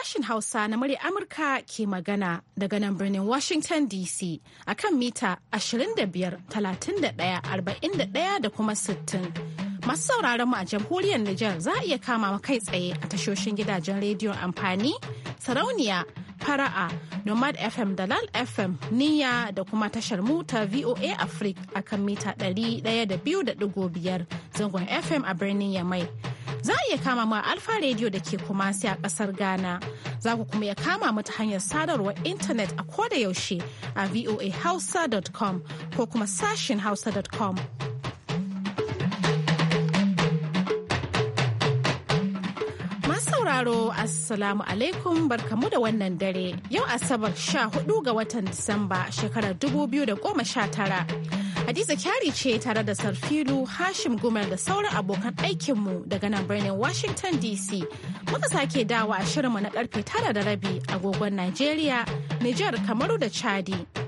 sashin Hausa na murya Amurka ke magana daga nan birnin Washington DC a kan mita 25, 31, 41 da kuma 60. Masu sauraron mu a jamhuriyar Nijar za a iya kama mu kai tsaye a tashoshin gidajen rediyon amfani, sarauniya, fara'a, Nomad FM da Lal FM, niya da kuma tashar mu ta VOA Africa a kan mita 100.5 zangon FM a birnin Yamai. za a iya kama mu a Alfa rediyo da ke kuma a kasar Ghana. Za ku kuma iya kama mu ta hanyar sadarwar intanet a koda yaushe a voahausa.com ko kuma sashin hausa.com. sauraro Assalamu alaikum barkamu da wannan dare yau Asabar 14 ga watan Disamba shekarar 2019. Hadiza kyari ce tare da Sarfilu Hashim Gumel da sauran abokan aikinmu daga nan birnin Washington DC. Muka sake dawa a shirinmu na karfe tara da rabi agogon Najeriya, Nijar, Kamaru da Chadi.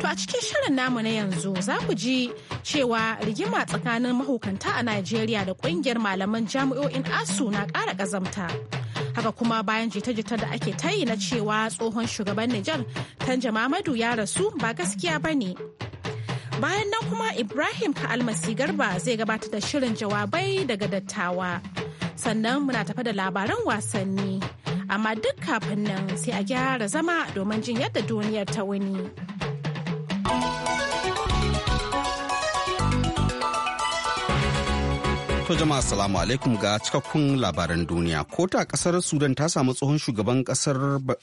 To a cikin shirin namu na yanzu za ku ji cewa rigima tsakanin mahukanta a Najeriya da kungiyar malaman jami'o'in ASU na ƙara ƙazamta. Haka kuma bayan jita-jita da ake ta yi na cewa tsohon shugaban Nijar Tanja Mamadu ya rasu ba gaskiya ba ne. Bayan nan kuma Ibrahim ka Almasi Garba zai gabatar da shirin jawabai daga dattawa. Sannan muna tafa da labaran wasanni. Amma duk kafin nan sai a gyara zama domin jin yadda duniyar ta wuni. To jama'a salamu alaikum ga cikakkun labaran duniya. Kota kasar Sudan ta samu tsohon shugaban kasar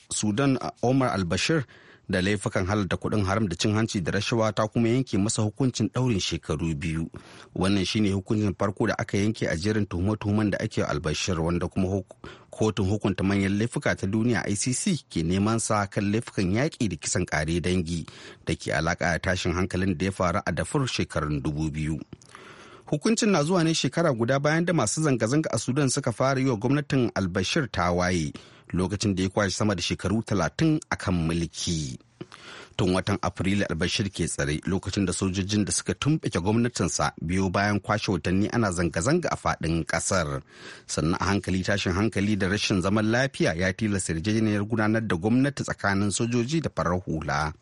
Sudan Omar al-Bashir da laifukan halarta kuɗin haram da cin hanci da rashawa ta kuma yanke masa hukuncin ɗaurin shekaru biyu wannan shine hukuncin farko da aka yanke a jerin tuhume-tuhumen da ake albashir wanda kuma kotun hukunta manyan laifuka ta duniya icc ke neman sa kan laifukan yaƙi da kisan ƙare dangi da ke alaka da tashin hankalin da ya faru a dafur shekarun dubu biyu hukuncin na zuwa ne shekara guda bayan da masu zanga-zanga a sudan suka fara yi wa gwamnatin albashir ta waye lokacin da ya kwashe sama da shekaru talatin a kan mulki tun watan afrilu albashir ke tsare lokacin da sojojin da suka tumɓuke gwamnatinsa biyo bayan kwashe watanni ana zanga-zanga a fadin kasar. sannan a hankali tashin hankali da rashin zaman lafiya ya tilasta yarjejeniyar gudanar da gwamnati tsakanin sojoji da farar hula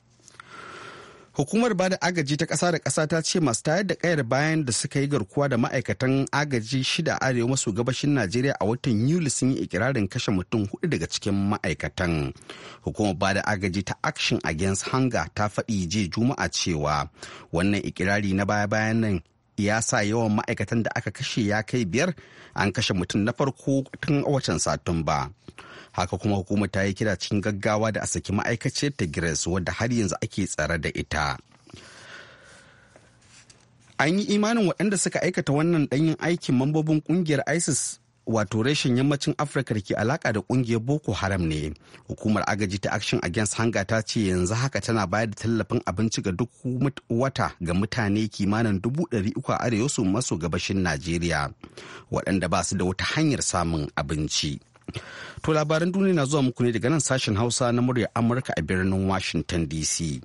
hukumar bada agaji ta kasa da kasa ta ce masu tayar da kayar bayan da suka yi garkuwa da ma'aikatan agaji shida arewa maso gabashin najeriya a watan yuli sun yi ikirarin kashe mutum hudu daga cikin ma'aikatan hukumar bada agaji ta action against hunger ta faɗi je juma'a cewa wannan ikirari na baya bayan nan ya sa yawan ma'aikatan da aka kashe ya kai biyar an kashe mutum na farko tun watan satumba haka kuma hukumar ta yi kira cikin gaggawa da a saki ma'aikaciyar ta greece wadda har yanzu ake tsare da ita an yi imanin waɗanda suka aikata wannan ɗanyen aikin mambobin ƙungiyar isis wato reshen yammacin afirka da ke alaka da ƙungiyar boko haram ne hukumar agaji ta action against hunger ta ce yanzu haka tana bayar da tallafin abinci ga duk wata ga mutane kimanin dubu ɗari uku a arewa su maso gabashin najeriya waɗanda ba su da wata hanyar samun abinci. To labaran duniya na zuwa muku ne daga nan sashen Hausa na murya Amurka a birnin Washington DC.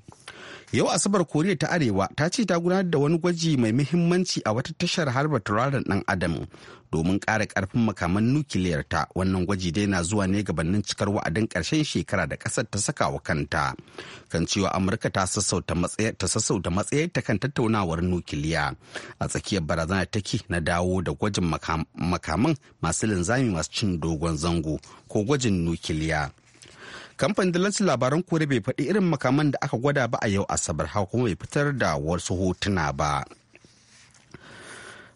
Yau Asabar Koriya ta Arewa ta ce ta gudanar da wani gwaji mai muhimmanci a wata tashar harba turaren dan Adam domin kara karfin makaman nukiliyar ta wannan gwaji dai na zuwa ne gabanin cikar wa'adin karshen shekara da kasar ta saka wa kanta kan cewa Amurka ta sassauta matsayar ta sassauta matsayar kan tattaunawar nukiliya a tsakiyar barazana take na dawo da gwajin makaman masu linzami masu cin dogon zango ko gwajin nukiliya. kamfanin dalancin labaran kore bai faɗi irin makaman da aka gwada ba a yau asabar haka kuma bai fitar da wasu hotuna ba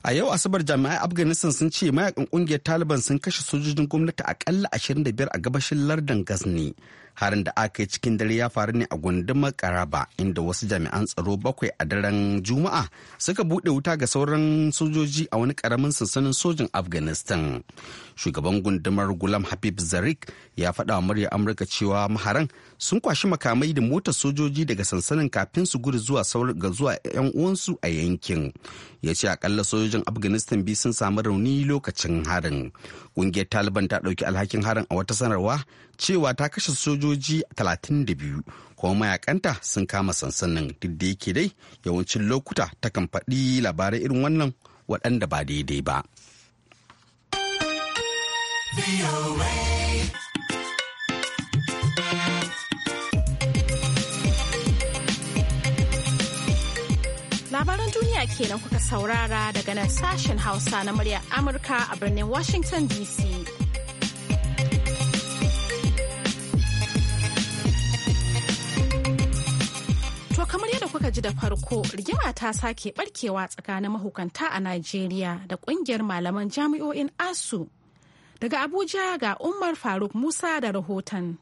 a yau asabar jami'ai afghanistan sun ce mayakan kungiyar taliban sun kashe sojojin gwamnati akalla 25 a gabashin lardin gazni harin da aka yi cikin dare ya faru ne a gundumar karaba inda wasu jami'an tsaro bakwai a daren juma'a suka buɗe wuta ga sauran sojoji a wani karamin sansanin sojin afghanistan shugaban gundumar gulam habib zarik ya faɗa wa murya amurka cewa maharan sun kwashi makamai da mota sojoji daga sansanin kafin su gudu zuwa ga zuwa yan uwansu a yankin ya ce akalla sojojin afghanistan biyu sun samu rauni lokacin harin ƙungiyar taliban ta ɗauki alhakin harin a wata sanarwa cewa ta kashe sojoji 32 kuma mayakanta sun kama sansanin duk da yake dai yawancin lokuta takan faɗi labarai irin wannan waɗanda ba daidai ba. Labaran duniya kenan kuka saurara daga nan sashen Hausa na muryar Amurka a birnin Washington DC. To kamar yadda kuka ji da farko rigima ta sake barkewa tsakanin mahukanta a Najeriya da kungiyar malaman jami'o'in ASU Daga Abuja ga Umar Faruk Musa da rahoton.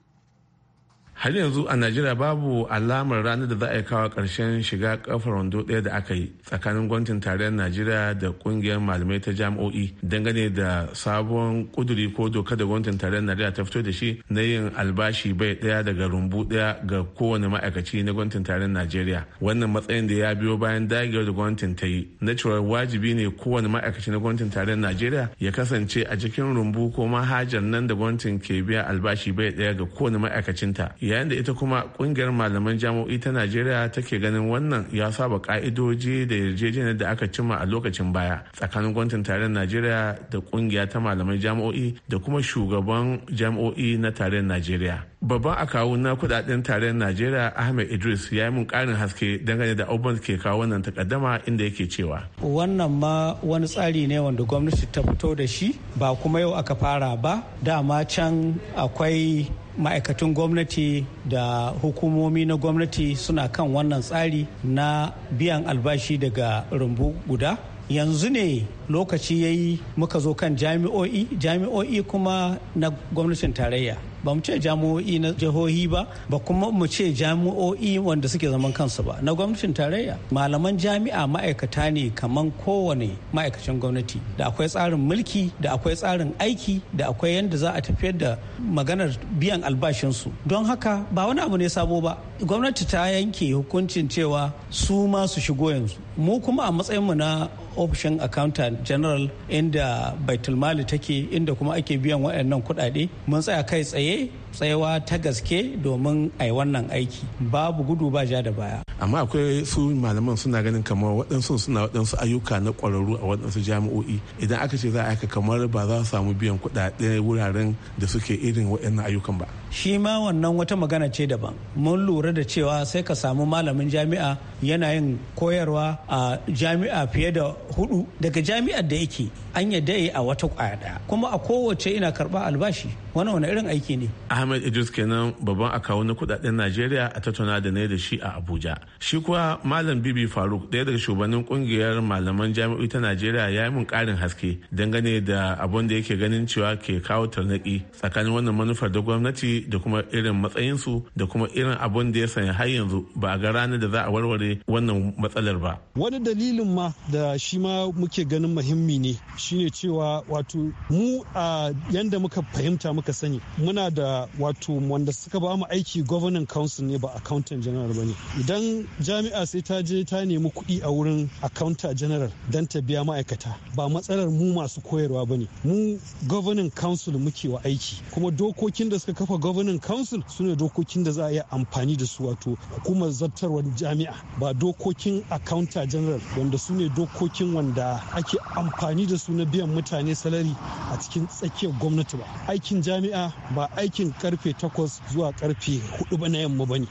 har yanzu a najeriya babu alamar ranar da za a yi kawo karshen shiga kafar wando ɗaya da aka yi tsakanin gwamnatin tarayyar najeriya da ƙungiyar malamai ta jami'o'i dangane da sabon kuduri ko doka da gwamnatin tarayyar najeriya ta fito da shi na yin albashi bai ɗaya daga rumbu ɗaya ga kowane ma'aikaci na gwamnatin tarayyar najeriya wannan matsayin da ya biyo bayan dagewar da gwamnatin ta yi na cewa wajibi ne kowane ma'aikaci na gwamnatin tarayyar najeriya ya kasance a cikin rumbu ko mahajar nan da gwamnatin ke biya albashi bai ɗaya ga kowane ma'aikacinta yayin da ita kuma kungiyar malaman jami'o'i ta najeriya take ganin wannan ya saba ka'idoji da yarjejeniyar da aka cimma a lokacin baya tsakanin gwamnatin tarayyar najeriya da kungiya ta malaman jami'o'i da kuma shugaban jami'o'i na tarayyar najeriya babban akawu na kudaden tarayyar najeriya ahmed idris ya yi mun karin haske dangane da abubuwan ke kawo wannan takaddama inda yake cewa wannan ma wani tsari ne wanda gwamnati ta fito da shi ba kuma yau aka fara ba dama can akwai ma'aikatun gwamnati da hukumomi na gwamnati suna kan wannan tsari na biyan albashi daga rumbu guda yanzu ne lokaci ya yi muka zo kan jami'o'i jami'o'i kuma na gwamnatin tarayya ba mu ce jami'o'i na jihohi ba ba kuma mu ce jami'o'i wanda suke zaman kansu ba na gwamnatin tarayya malaman jami'a ma'aikata ne kaman kowane ma'aikacin gwamnati da akwai tsarin mulki da akwai tsarin aiki da akwai yadda za a tafiyar da maganar biyan albashinsu don haka ba wani abu ne sabo ba gwamnati ta yanke hukuncin cewa su ma su shigo yanzu mu kuma a matsayin mu na ofishin accountant general inda baitulmali take inda kuma ake biyan waɗannan kuɗaɗe mun tsaya kai tsaye tsayawa ta gaske domin a yi wannan aiki babu gudu ba ja da baya amma akwai su malaman suna ganin kamar waɗansu suna waɗansu ayyuka na ƙwararru a waɗansu jami'o'i idan aka ce za a aika kamar ba za su samu biyan kuɗaɗe wuraren da suke irin waɗannan ayyukan ba shi ma wannan wata magana ce daban mun lura da cewa sai ka samu malamin jami'a yana yin koyarwa a jami'a fiye da hudu daga jami'ar da yake an yadda a wata kwaya daya kuma a kowace ina karba albashi wani wani irin aiki ne ahmed idris kenan babban akawo na kudaden najeriya a tattauna da ne da shi a abuja shi kuwa malam bibi faruk daya daga shugabannin kungiyar malaman jami'o'i ta najeriya ya yi mun karin haske dangane da abun da yake ganin cewa ke kawo tarnaki tsakanin wannan manufar da gwamnati da kuma irin matsayinsu da kuma irin abun da ya sanya har yanzu ba a ga ranar da za a warware wannan matsalar ba wani dalilin ma da shi ma muke ganin muhimmi ne shine cewa wato mu a yanda muka fahimta muka sani muna da wato wanda suka ba mu aiki governing council ne ba accountant general ba ne idan jami'a sai ta je ta nemi kuɗi a wurin accountant general don ta biya ma'aikata ba matsalar mu masu koyarwa ba ne mu governing council muke wa aiki kuma dokokin da suka kafa governing council sune ne dokokin da za a yi amfani da su wato hukumar zartarwar jami'a ba dokokin accountant general wanda su dokokin wanda ake amfani da su su na biyan mutane salari a cikin tsakiyar gwamnati ba aikin jami'a ba aikin karfe takwas zuwa karfe hudu ba na yamma ba ne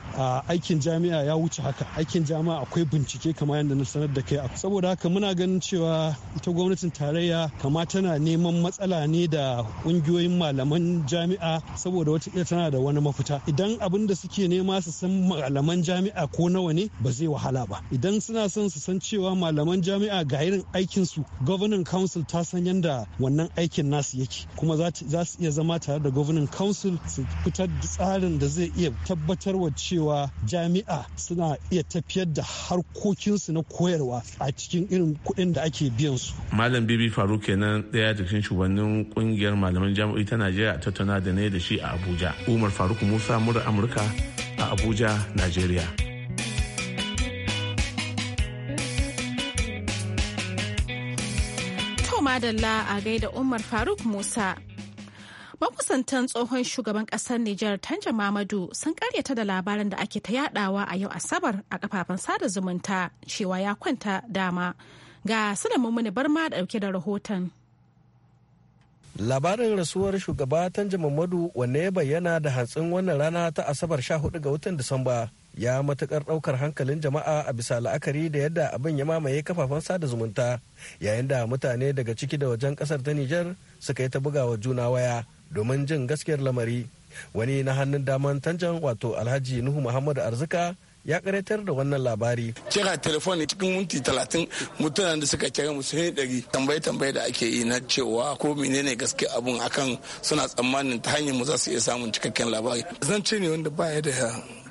aikin jami'a ya wuce haka aikin jami'a akwai bincike kamar yadda na sanar da kai saboda haka muna ganin cewa ita gwamnatin tarayya kama tana neman matsala ne da kungiyoyin malaman jami'a saboda wata tana da wani mafita idan abin da suke nema su san malaman jami'a ko nawa ne ba zai wahala ba idan suna son su san cewa malaman jami'a ga irin aikin su governing council ta san yadda wannan aikin nasu yake kuma za su iya zama tare da governing council su fitar da tsarin da zai iya tabbatar wa cewa jami'a suna iya tafiyar da harkokinsu na koyarwa a cikin irin kuɗin da ake biyan su. Malam Bibi Faruk kenan ɗaya da cikin shugabannin kungiyar malaman jami'o'i ta Najeriya a tattauna da ne da shi a Abuja. Umar Faruk Musa mura Amurka a Abuja, Najeriya. Adalla a gaida Umar Faruk Musa. Makusantan tsohon shugaban ƙasar Nijar Tanja Mamadu sun karyata da labarin da ake ta yadawa a yau Asabar a kafafen sada zumunta cewa ya kwanta dama. Ga Sulaiman Muni Barma da dauke da rahoton. Labarin rasuwar shugaba Tanja Mamadu wanne ya bayyana da hantsin wannan rana ta Asabar 14 ga watan Disamba ya matukar daukar hankalin jama'a a bisa la'akari da yadda abin ya mamaye kafafen sada zumunta yayin da mutane daga ciki da wajen kasar ta Nijar suka yi ta bugawa juna waya domin jin gaskiyar lamari wani na hannun daman tanjan wato alhaji nuhu muhammadu arzika ya karatar da wannan labari. Kira telefoni cikin minti talatin mutanen da suka kira mu sun ɗari tambaye tambaye da ake yi na cewa ko menene gaske abun akan suna tsammanin ta hanyar mu za su iya samun cikakken labari. Zan ce ne wanda baya da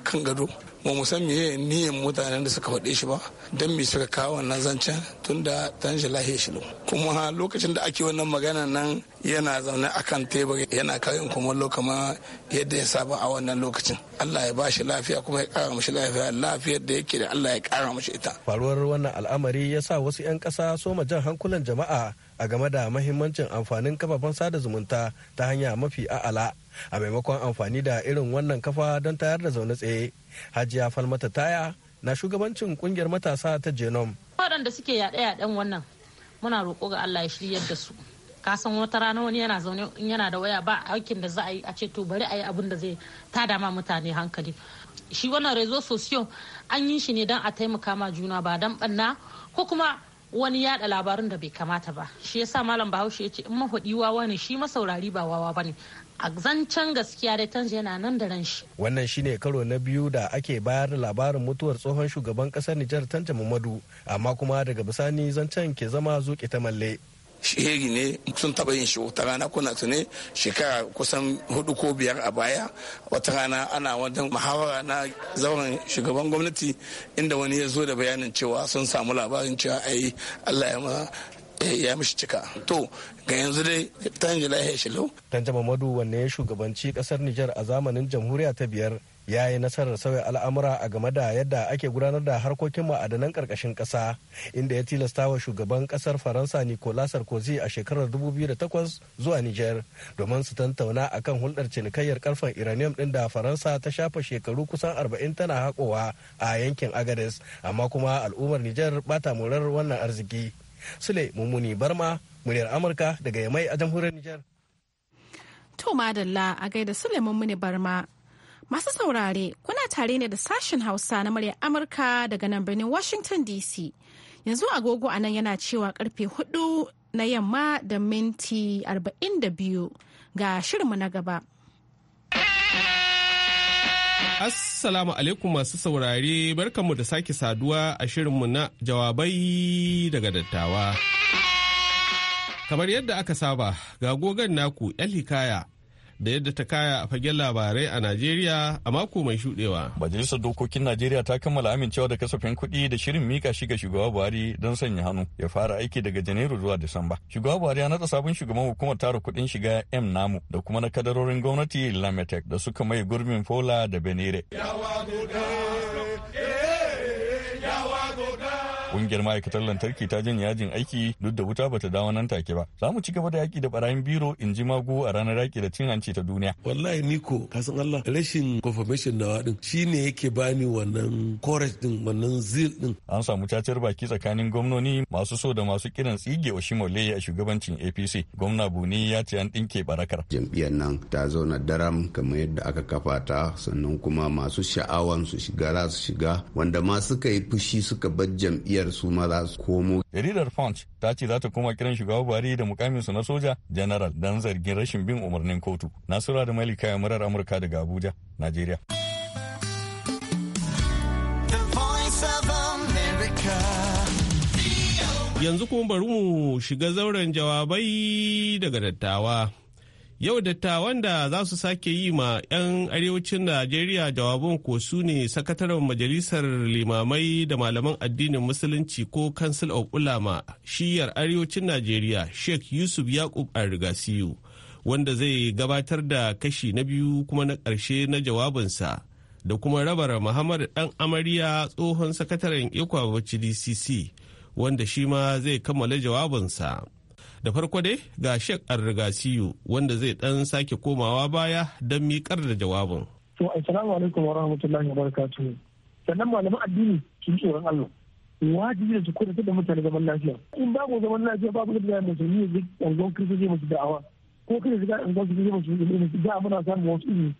kan gado ba mu san meye niyyar mutanen da suka faɗe shi ba don me suka kawo wannan zancen tunda tan shi lahiya shi kuma lokacin da ake wannan magana nan yana zaune a kan tebur yana karin kuma lokama yadda ya saba a wannan lokacin Allah ya bashi lafiya kuma ya kara mashi lafiya lafiyar da yake da Allah ya kara mashi ita faruwar wannan al'amari ya sa wasu 'yan ƙasa soma jan hankulan jama'a a game da mahimmancin amfanin kafafen sada zumunta ta hanya mafi a'ala a maimakon amfani da irin wannan kafa don tayar da zaune tsaye hajiya falmata taya na shugabancin kungiyar matasa ta genome waɗanda suke yaɗe yaɗen wannan muna roƙo ga allah ya shiryar da su ka san wata rana wani yana zaune yana da waya ba aikin da za a yi a ce to bari a yi abun da zai ta dama mutane hankali shi wannan rezo sosiyon an yi shi ne don a taimaka ma juna ba don ɓanna ko kuma wani yada labarin da bai kamata ba shi yasa malam bahaushe ya ce in mahaɗi wani ne shi masaurari ba wawa ba ne a zancen gaskiya da canza yana nan da ran shi wannan shine karo na biyu da ake bayar da labarin mutuwar tsohon shugaban kasar Nijar Tanja Muhammadu amma kuma daga bisani zancen ke zama zuƙe ta malle sheheri ne sun taba yin shi wata rana kuna tune shekara kusan hudu ko biyar a baya wata rana ana wajen muhawara na zauren shugaban gwamnati inda wani ya zo da bayanin cewa sun samu labarin cewa ai allah ya ya mishi cika to ga yanzu dai ta yi lahiya shilau. Tanja Mamadu wanne ya shugabanci kasar Nijar a zamanin jamhuriya ta biyar ya yi nasarar sauya al'amura a game da yadda ake gudanar da harkokin ma'adanan karkashin ƙasa inda ya tilasta wa shugaban ƙasar faransa nicolas sarkozy a shekarar 2008 zuwa niger domin su tantauna akan hulɗar cinikayyar karfen iranium ɗin da faransa ta shafa shekaru kusan 40 tana haƙowa a yankin agades amma kuma al'ummar niger ba ta murar wannan arziki sule mummuni barma muryar amurka daga yamai a jamhuriyar nijar to madalla a gaida suleiman muni barma masu saurare kuna tare ne da sashen hausa na muryar amurka daga nan birnin washington dc yanzu agogo a nan yana cewa karfe hudu na yamma da minti 42 ga shirinmu na gaba Assalamu alaikum masu saurare barkanmu da sake saduwa a shirinmu na jawabai daga dattawa. Kamar yadda aka saba, ga gogon naku 'yan hikaya da yadda ta kaya a fagen labarai a Najeriya a mako mai shudewa. Majalisar Dokokin Najeriya ta kammala amincewa da kasafin kuɗi da shirin mika shiga shugaba Buhari don sanya hannu ya fara aiki daga Janairu zuwa Disamba. Shugaba Buhari ya natsa sabon shugaban hukumar tara kuɗin shiga M namu da kuma na kadarorin gwamnati lametek da suka mai gurbin Fola da Benire. Kungiyar ma'aikatar lantarki ta janye yajin aiki duk da wuta bata dawo nan take ba. Za mu ci gaba da yaki da barayin biro in ji mago a ranar yaki da cin hanci ta duniya. Wallahi ni ko kasan Allah rashin confirmation na wadin shine yake bani wannan courage din wannan zeal din. An samu cacar baki tsakanin gwamnoni masu so da masu kiran tsige Oshimole a shugabancin APC. Gwamna Buni ya ce an dinke barakar. Jam'iyyar nan ta zauna daram kamar yadda aka kafa ta sannan kuma masu sha'awan su shiga za su shiga wanda ma suka yi fushi suka bar jam'iyyar biyar su ma za su komo. Jaridar Punch ta ce za ta koma kiran shugaba Buhari da mukaminsu na soja general don zargin rashin bin umarnin kotu. Nasura da Malika ya murar Amurka daga Abuja, Najeriya. Yanzu kuma bari mu shiga zauren jawabai daga dattawa. Yau dattawan da za su sake yi ma 'yan arewacin Najeriya jawabin ko su ne sakataren majalisar limamai da malaman addinin musulunci ko Council of Ulama shiyar arewacin Najeriya Sheikh Yusuf Yakub Arigasiyu wanda zai gabatar da kashi na biyu kuma na ƙarshe na jawabinsa da kuma rabar Muhammad Dan Amariya tsohon sakataren Ikwa DCC wanda shi ma zai kammala jawabinsa. da farko dai ga shek argasiyu wanda zai dan sake komawa baya don miƙar da jawabin to assalamu alaikum wa rahmatullahi wa barakatuh sannan malaman addini sun tsoron Allah wajibi da su kudu da mutane zaman lafiya in babu zaman lafiya babu da zai musulmi zai ɗangon zai musu da'awa ko kiristoci zai ɗangon kiristoci masu ilimi da muna samun wasu ilimi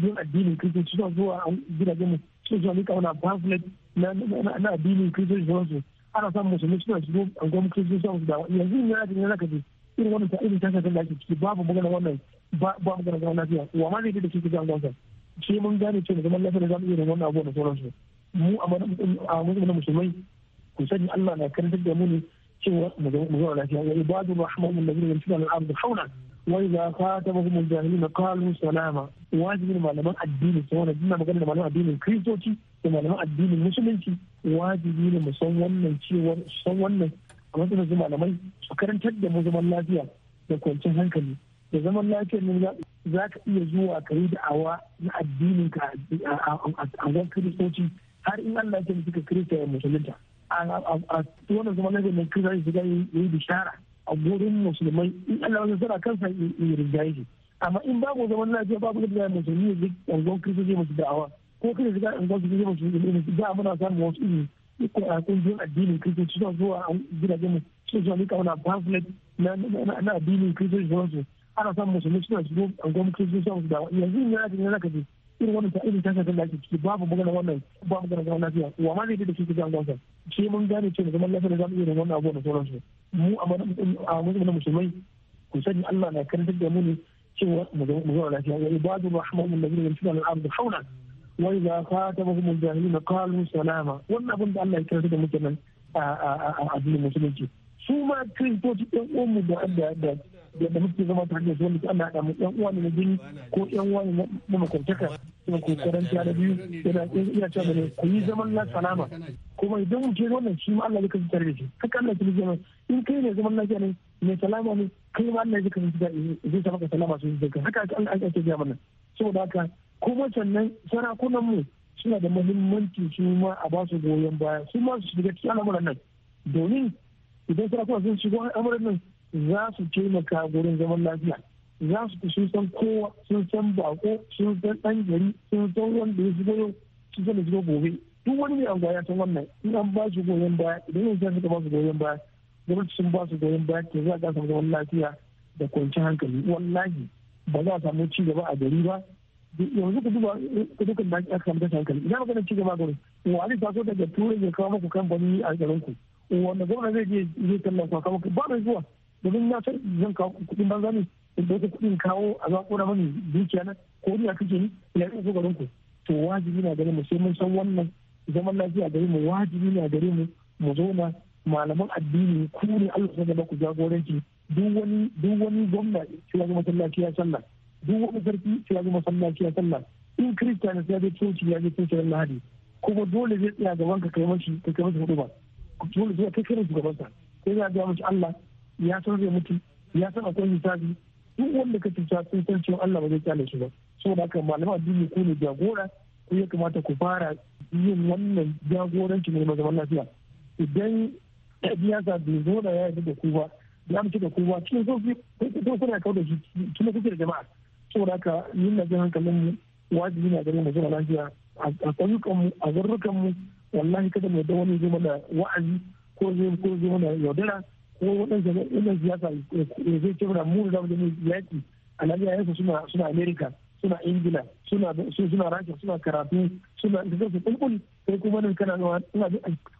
jin addinin kiristoci suna zuwa gidajen mu suna zuwa kawo na pamphlet na addinin kiristoci zuwa su ana son musulmi suna shigo angon gwamnati sun su dawa yanzu ne na jini zaka ji irin wannan irin tashin da ake ciki babu magana wannan ba magana zaman lafiya wa ma ne da kike ga angon sai mun gane cewa zaman lafiya za mu iya wannan abu da sauransu mu a matsayin musulmai ku sani Allah na karantar da mu ne cewa mu zama lafiya ya ibadu rahmanin da zai yi tunanin arzikin haunan وإذا na الجاهلون salama. Wajibi ne malaman addini sai wani ina magana da malaman addinin kristoci da malaman addinin musulunci wajibi ne mu san wannan cewa san wannan a matsayin su malamai su karantar da mu zaman lafiya da kwanciyar hankali da zaman lafiyar ne za ka iya zuwa ka yi da'awa na addinin ka a wan kristoci har in Allah ya ce suka kirista ya musulunta a wannan zaman lafiyar ne kristoci su ga yi bishara a gurin musulmai in Allah wasu sara kansa ya rinjaye shi amma in babu zaman lafiya babu yadda ya musulmi ya yanzu zai masu da'awa ko kada zai yanzu kiristoci masu ilimi da muna samun wasu kun kungiyoyin addinin kristo suna zuwa a gidajen mu suna zuwa mika wani pamphlet na addinin kristo suna su ana samun musulmi suna zuwa a gwamnati kiristoci suna su da'awa yanzu in yana cikin yana irin wannan ta irin tasirin da ake ciki babu magana wannan babu magana zaman lafiya wa ma zai da shi zan gwamnati shi mun gane da zaman lafiya da mu iya wannan abubuwan da sauransu mu a matsayin musulmai ku sani Allah na karantar da mu ne cewa mu zama lafiya wa ibadu rahmanu allazina yamshuna al-ardu hawlan wa idza khatabahum al na kalu salama wannan abin da Allah ya karantar da mu kenan a addinin musulunci su ma kristoci ɗan uwanmu da da da muke zama tare da su wanda ana haɗa mu ɗan uwa ne na jini ko ɗan uwa ne na makwabtaka kuma kokarin ta da biyu yana iya cewa da ku yi zaman na salama kuma idan mu ke wannan shi ma Allah zai kasance da shi haka Allah zai zama in kai ne zaman lafiya ne mai salama ne kai ma Allah zai kasance da zai sa maka salama su zai kai haka Allah ake ga mana saboda haka kuma sannan sarakunan mu suna da muhimmanci su ma a ba su goyon baya su ma su shiga cikin al'amuran nan domin idan sarakunan sun shigo al'amuran nan za su taimaka gurin zaman lafiya za su sun san kowa sun san bako sun san ɗan gari sun san wanda ya shigo yau sun san da zubo gobe duk wani mai anguwa ya san wannan in an ba su goyon baya idan yanzu suka ba su goyon baya gwamnati sun ba su goyon baya ke za a samu zaman lafiya da kwanci hankali wallahi ba za a samu ci gaba a gari ba yanzu ku duba duka da aka samu tashin hankali idan magana ci gaba gari ta so daga turai ya kawo muku kamfani a garin ku wanda gwamnati zai je zai tallafa kamar ba mai zuwa domin na san zan kawo kuɗin banza ne da ka kuɗin kawo a za ƙona mani dukiya na ko ni a kake ni ina yin garin ku to wajibi na gare mu sai mun san wannan zaman lafiya gare mu wajibi na gare mu mu zauna malaman addini ku ne Allah sun ku jagoranci duk wani duk wani gwamna ya zama ya sallah duk wani sarki sai ya zama ya sallah in kirista ne sai ya coci ya je coci ran lahadi kuma dole zai tsaya gaban ka kai mashi ka kai mashi hudu ba dole zai kai kiran sai ya ga mashi Allah ya san zai mutu ya san akwai hisabi duk wanda ka cuta sun san cewa Allah ba zai kyale shi ba saboda haka malaman addini ku ne jagora ko ya kamata ku fara yin wannan jagoranci ne zaman lafiya idan biyasa bai zo da ya yi da ku ba ya mace da ku ba cikin sofi ko kuna kawo da shi kuma kuke da jama'a saboda haka yin na jin hankalin mu wajibi na ganin mazaman lafiya a ƙauyukan mu a zarurukan mu wallahi kada mu yadda wani zai mana wa'azi ko zai ko zai mana yaudara kuma waɗansu wannan siyasa eh, zai ce mu da mu yaki alhali yasa suna suna america suna ingila suna suna rasha suna karatu suna da su kulkul sai kuma nan kana zuwa suna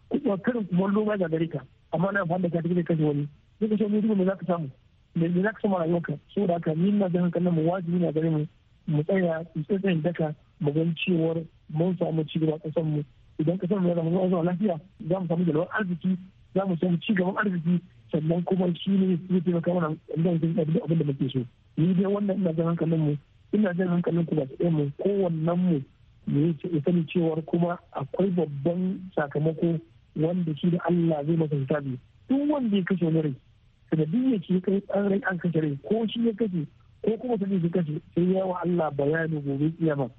kuma karin kumallo ma ga gare amma na amfani da ka take kashe wani zai kashe mu duba me za ka samu me za ka samu ka? So da haka ni na hankali na mu wajibi na gare mu mu tsaya mu tsayin daka mu gan cewar mun samu ci gaba kasan mu idan kasan mu ya zama zuwa lafiya za mu samu jalwar arziki za mu samu ci gaban arziki sannan kuma shi ne zai taimaka mana idan zai ɗabi da abin da muke so ni dai wannan ina jan hankalin mu ina jan hankalin ku baki ɗaya mu kowannen mu ya sani cewar kuma akwai babban sakamako wanda shi da Allah zai masa hisabi duk wanda ya kashe wani rai daga duk ya ce kai an rai an kashe rai ko shi ya kashe ko kuma sani shi kashe sai ya wa Allah bayani gobe kiyama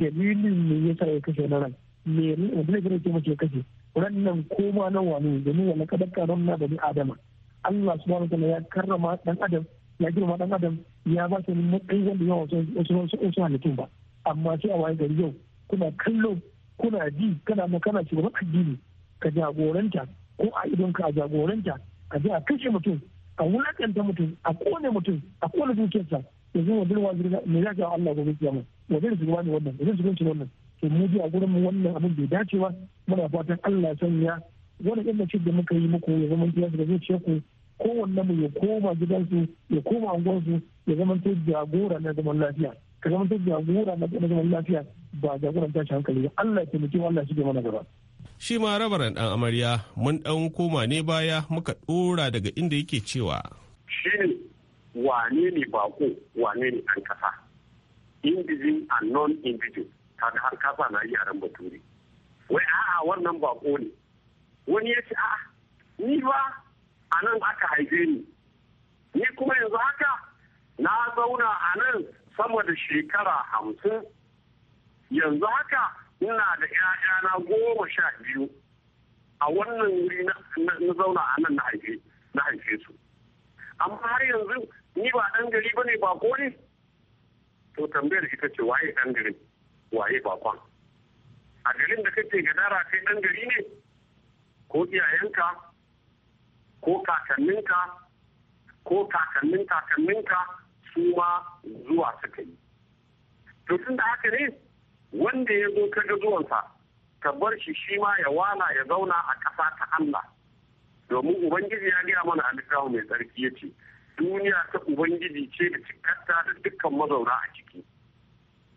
dalilin ne ya sa ya kashe wani rai me ne da mace ya kashe ran nan koma na wani domin wani kadar karon na da ni adama Allah su ya karrama dan adam ya girma dan adam ya ba shi matsayi wanda yawa wasu wasu halittun ba amma sai a waye gari yau kuna kallo kuna ji kana shi gaban addini ka jagoranta ko a idonka a jagoranta a je a kashe mutum a wulakanta mutum a kone mutum a kone dukiyarsa ya zo wajen birwa zirga me za a Allah gobe kiyama wa su shugaba ne wannan zai shugaba wannan to mu ji a gurin mu wannan abin bai dace ba muna fatan Allah ya sanya wani irin da muka yi muku ya zama kiyasa da zuciyarku kowanne mu ya koma gidansu ya koma unguwarsu ya zama ta jagora na zaman lafiya ka zama ta jagora na zaman lafiya ba jagoran tashi hankali ba Allah ya taimake mu Allah shi mana gaba shi ma rabaran dan amarya mun dan koma ne baya muka dora daga inda yake cewa shi ne wane ne bako wane ne an kasa indigenous and non indigenous kaga har kasa na yaren bature wai a'a wannan bako ne wani ya ce a'a ni ba a nan aka haife ni ni kuma yanzu haka na zauna a nan sama da shekara hamsin yanzu haka ina da 'ya'yana goma sha biyu a wannan wuri na zauna a nan na haife su amma har yanzu ni ba ɗan gari ba ne ba ko ne to tambayar ita ce waye ɗan gari waye bakon a garin da kake gadara kai ɗan gari ne ko iyayenka ko kakanninka ko kakannin kakanninka su ma zuwa suka yi to haka ne wanda ya zo kaga zuwansa ka bar shi shi ma ya wala ya zauna a ƙasa ta Allah domin ubangiji ya gaya mana a mai tsarki ya ce duniya ta ubangiji ce da cikarta da dukkan mazauna a ciki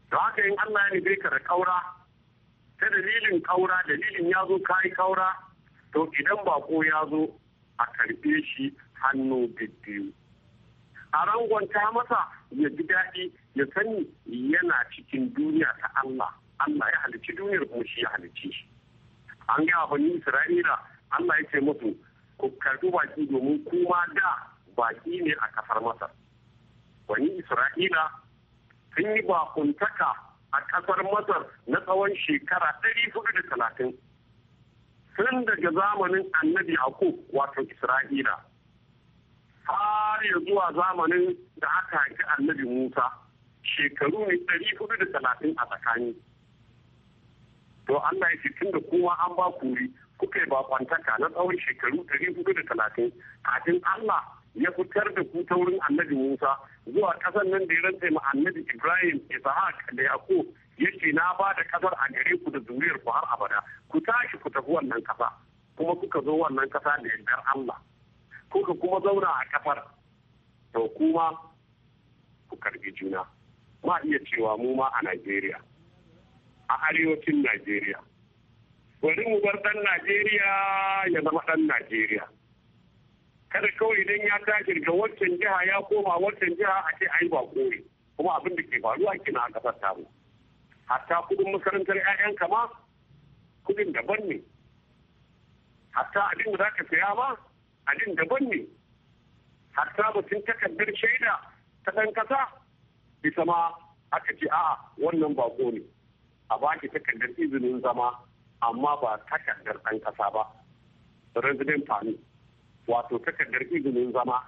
da haka in Allah ya nufe ka da ƙaura ta dalilin ƙaura dalilin ya zo ka yi ƙaura to idan ba ko ya zo a karɓe shi hannu biyu a rangonta masa ya ji daɗi ya sani yana cikin duniya ta Allah Allah ya halicci duniyar kuma shi ya halicci shi an gaya wani Isra'ila Allah ya ce musu ku karɓi baki domin kuma da baki ne a kasar Masar Wani Isra'ila sun yi bakuntaka a kasar Masar na tsawon shekara ɗari da talatin tun daga zamanin annabi Yakub wato Isra'ila har ya zuwa zamanin da aka haifi annabi Musa shekaru ne ɗari hudu da talatin a tsakani. To Allah ya ce tun da kuma an ba kuri kuka yi kwantaka na tsawon shekaru ɗari hudu da talatin kafin Allah ya fitar da ku ta wurin annabi Musa zuwa ƙasar nan da ya rantse ma annabi Ibrahim, Isahak da Yakub yace na ba da kasar a gare ku da zuriyar ku har abada ku tashi ku tafi wannan kasa kuma kuka zo wannan kasa da yardar Allah kuka kuma zauna a kafar to kuma ku karbi juna ma iya cewa mu ma a Najeriya a arewacin Najeriya bari mu bar dan Najeriya ya zama dan Najeriya kada kawai idan ya tashi daga wancan jiha ya koma wancan jiha a ce ai ba kore kuma abin da ke faruwa kina a kasar tamu hatta kudin makarantar 'ya'yanka ma kudin daban ne hatta abin da za ka saya ma abin daban ne hatta batun takardar shaida ta ɗan ƙasa bisa ma aka ce a'a wannan bako ne a baki takardar izinin zama amma ba takardar ɗan ƙasa ba resident permit wato takardar izinin zama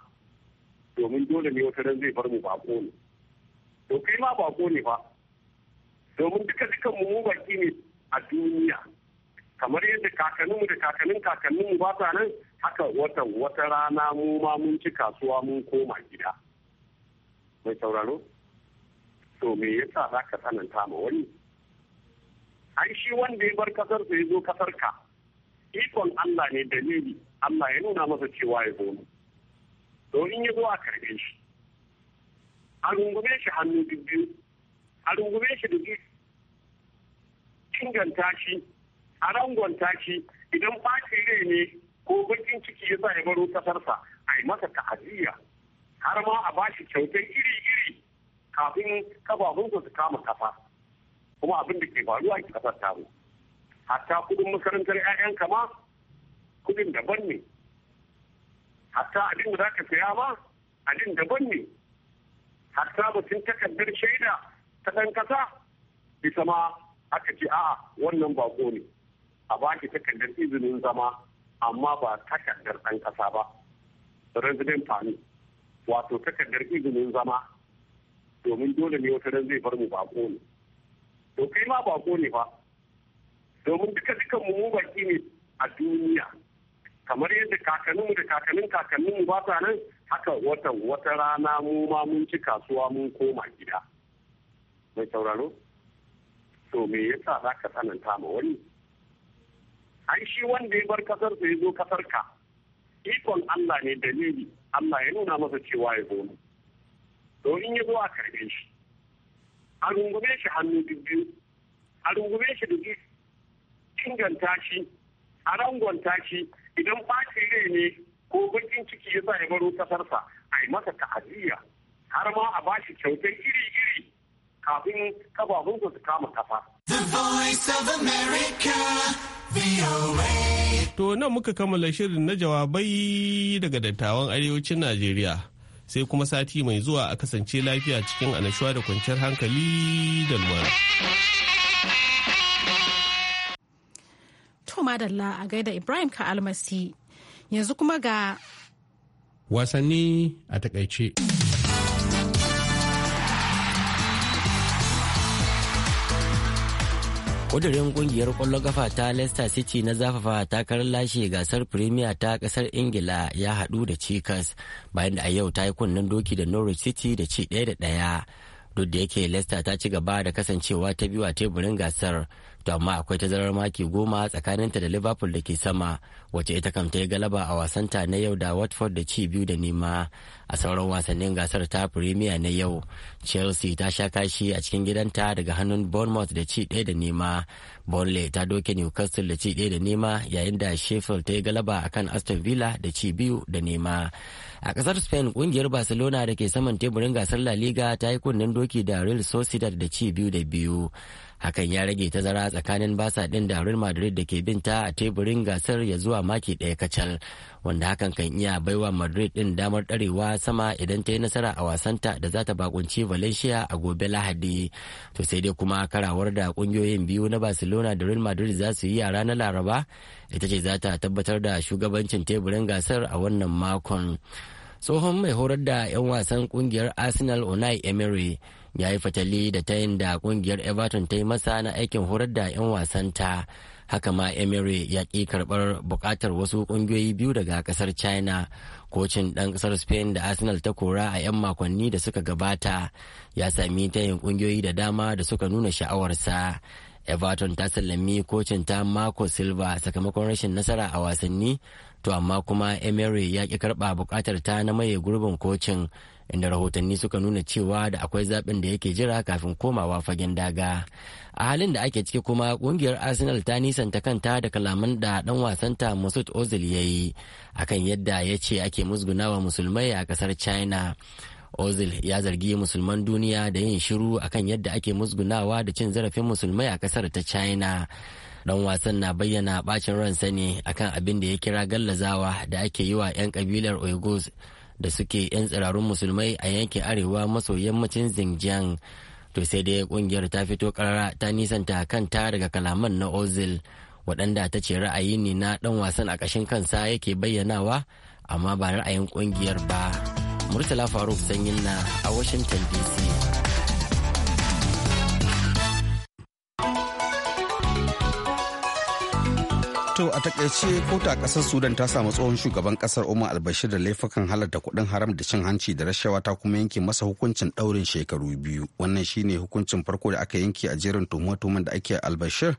domin dole ne wata zai bar mu bako ne to kai ma bako ne ba domin duka dukan mu baki ne a duniya kamar yadda kakanninmu da kakannin kakanninmu ba sa nan haka wata wata rana mu ma mun ci kasuwa mun koma gida mai sauraro to me yasa za ka tsananta ma wani ai shi wanda ya bar kasar ya zo kasar ka ikon Allah ne dalili Allah ya nuna masa cewa ya zo domin ya zo a karbe shi a rungume shi hannu biyu a rungume shi da inganta shi a rangonta shi idan ɓaci rai ne ko bakin ciki ya sa ya baro kasarsa a yi masa ta'aziyya har ma a ba shi kyautar iri-iri kafin kafafunsa su kama kasa kuma abin da ke faruwa a kasar tamu hatta kudin makarantar 'ya'yan kama kudin daban ne hatta abin da za ka saya ma abin daban ne hatta mutum takardar shaida ta ɗan kasa bisa ma aka ce a'a wannan bako ne a baki takardar izinin zama amma ba takardar ɗan ƙasa ba resident permit wato takardar izinin zama domin dole ne wata ran zai bar mu bako ne to kai ma bako ne ba domin duka dukan mu baki ne a duniya kamar yadda mu da kakannin mu ba sa nan haka wata wata rana mu ma mun ci kasuwa mun koma gida mai sauraro to me yasa za ka tsananta ma wani ai shi wanda ya bar kasar ya zo kasar ka ikon Allah ne dalili Allah ya nuna masa cewa ya zo to in ya zo a karbe shi a rungume shi hannu biyu a rungume shi da inganta shi a rangonta shi idan ɓaci rai ne ko bakin ciki ya sa ya baro kasarsa a yi masa ta'aziyya har ma a bashi kyautar iri-iri kafin kafafun su su kama kafa. The Voice of America, VOA. To nan muka kammala shirin na jawabai daga dattawan arewacin Najeriya. Sai kuma sati mai zuwa a kasance lafiya cikin anashuwa da kwanciyar hankali da lumana. To madalla a gaida Ibrahim ka almasi yanzu kuma ga wasanni a takaice. ƙudurin ƙungiyar ƙwallon kafa ta leicester city na zafafa takarar lashe gasar premier ta ƙasar ingila ya haɗu da cikas bayan da a yau ta yi kunnen doki da norwich city da ci ɗaya da ɗaya duk da yake leicester ta ci gaba da kasancewa ta biyu a teburin gasar to amma akwai tazarar maki goma tsakaninta da liverpool da ke sama wacce ita kam ta yi galaba a wasanta na yau da watford da ci biyu da nema a sauran wasannin gasar ta premier na yau chelsea ta sha kashi a cikin gidanta daga hannun bournemouth da ci daya da nema burnley ta doke newcastle da ci daya da nema yayin da sheffield ta yi galaba akan aston villa da ci biyu da nema a kasar spain kungiyar barcelona da ke saman teburin gasar la liga ta yi kunnen doki da real sociedad da ci biyu da biyu hakan ya rage tazara tsakanin basa din da real madrid da ke binta a teburin gasar ya zuwa maki ɗaya kacal wanda hakan kan iya baiwa madrid din damar ɗarewa sama idan ta yi nasara a wasanta da za ta bakunci valencia a gobe lahadi to sai dai kuma karawar da kungiyoyin biyu na barcelona da real madrid za su yi a ranar laraba ita ce za ta tabbatar da shugabancin teburin gasar a wannan makon. tsohon mai horar da 'yan wasan kungiyar arsenal unai emery ya yi fatali da ta da kungiyar everton ta yi masa na aikin horar da 'yan wasan ta haka ma emery ya ƙi karɓar buƙatar wasu ƙungiyoyi biyu daga ƙasar china kocin ɗan ƙasar spain da arsenal ta kora a 'yan makonni da suka gabata ya sami tayin ƙungiyoyi da dama da suka nuna sha'awarsa everton ta sallami kocin ta marco silva sakamakon rashin nasara a wasanni to amma kuma emery ya ki karɓa buƙatar ta na maye gurbin kocin inda rahotanni suka nuna cewa da akwai zaɓin da yake jira kafin komawa fagen daga a halin da ake ciki kuma ƙungiyar arsenal ta nisanta kanta da kalaman da ɗan wasanta masud ozil ya yi akan yadda ya ce ake musgunawa musulmai a ƙasar china ozil ya zargi musulman duniya da yin shiru akan yadda ake musgunawa da cin zarafin musulmai a ƙasar ta china dan wasan na bayyana bacin ransa ne akan abin da ya kira gallazawa da ake yi wa 'yan kabilar uyghurs da suke 'yan tsirarun musulmai a yankin arewa maso yammacin xinjiang to sai dai kungiyar ta fito karara ta nisanta kanta daga kalaman na ozil waɗanda ta ce ra'ayi ne na ɗan wasan a ƙashin kansa yake bayyanawa amma ba ra'ayin kungiyar ba murtala faruk sanyin na a washington dc To a takaice kota kasar Sudan ta samu tsohon shugaban kasar Umar Albashir da laifukan halarta kuɗin haram da cin hanci da rashawa ta kuma yanke masa hukuncin ɗaurin shekaru biyu. Wannan shine hukuncin farko da aka yanke a jerin tuhume-tuhumen da ake Albashir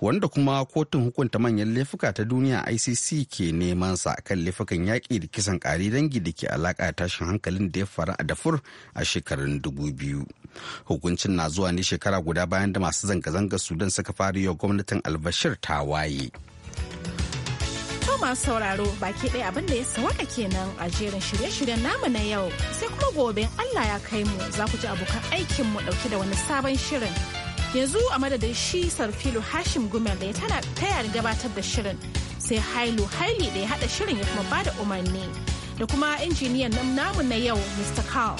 wanda kuma kotun hukunta manyan laifuka ta duniya ICC ke neman sa kan laifukan yaƙi da kisan ƙari dangi da ke alaka alaƙa tashin hankalin da ya faru a Dafur a shekarun dubu biyu. Hukuncin na zuwa ne shekara guda bayan da masu zanga-zangar Sudan suka fara yau gwamnatin Albashir ta waye. To masu sauraro baki ɗaya abinda da ya sawaka kenan a jerin shirye-shiryen namu na yau sai kuma gobe Allah ya kai mu za ku ji abokan aikin mu ɗauke da wani sabon shirin. Yanzu a madadin shi Sarfilu Hashim Gumel da ya tana taya gabatar da shirin sai Hailu Haili da ya haɗa shirin ya kuma bada umarni da kuma injiniyan nan namu na yau Mr. Carl.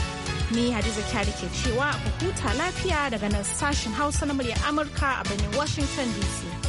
Ni Hadiza Kyari ke cewa ku huta lafiya daga nan sashen Hausa na murya Amurka a birnin Washington DC.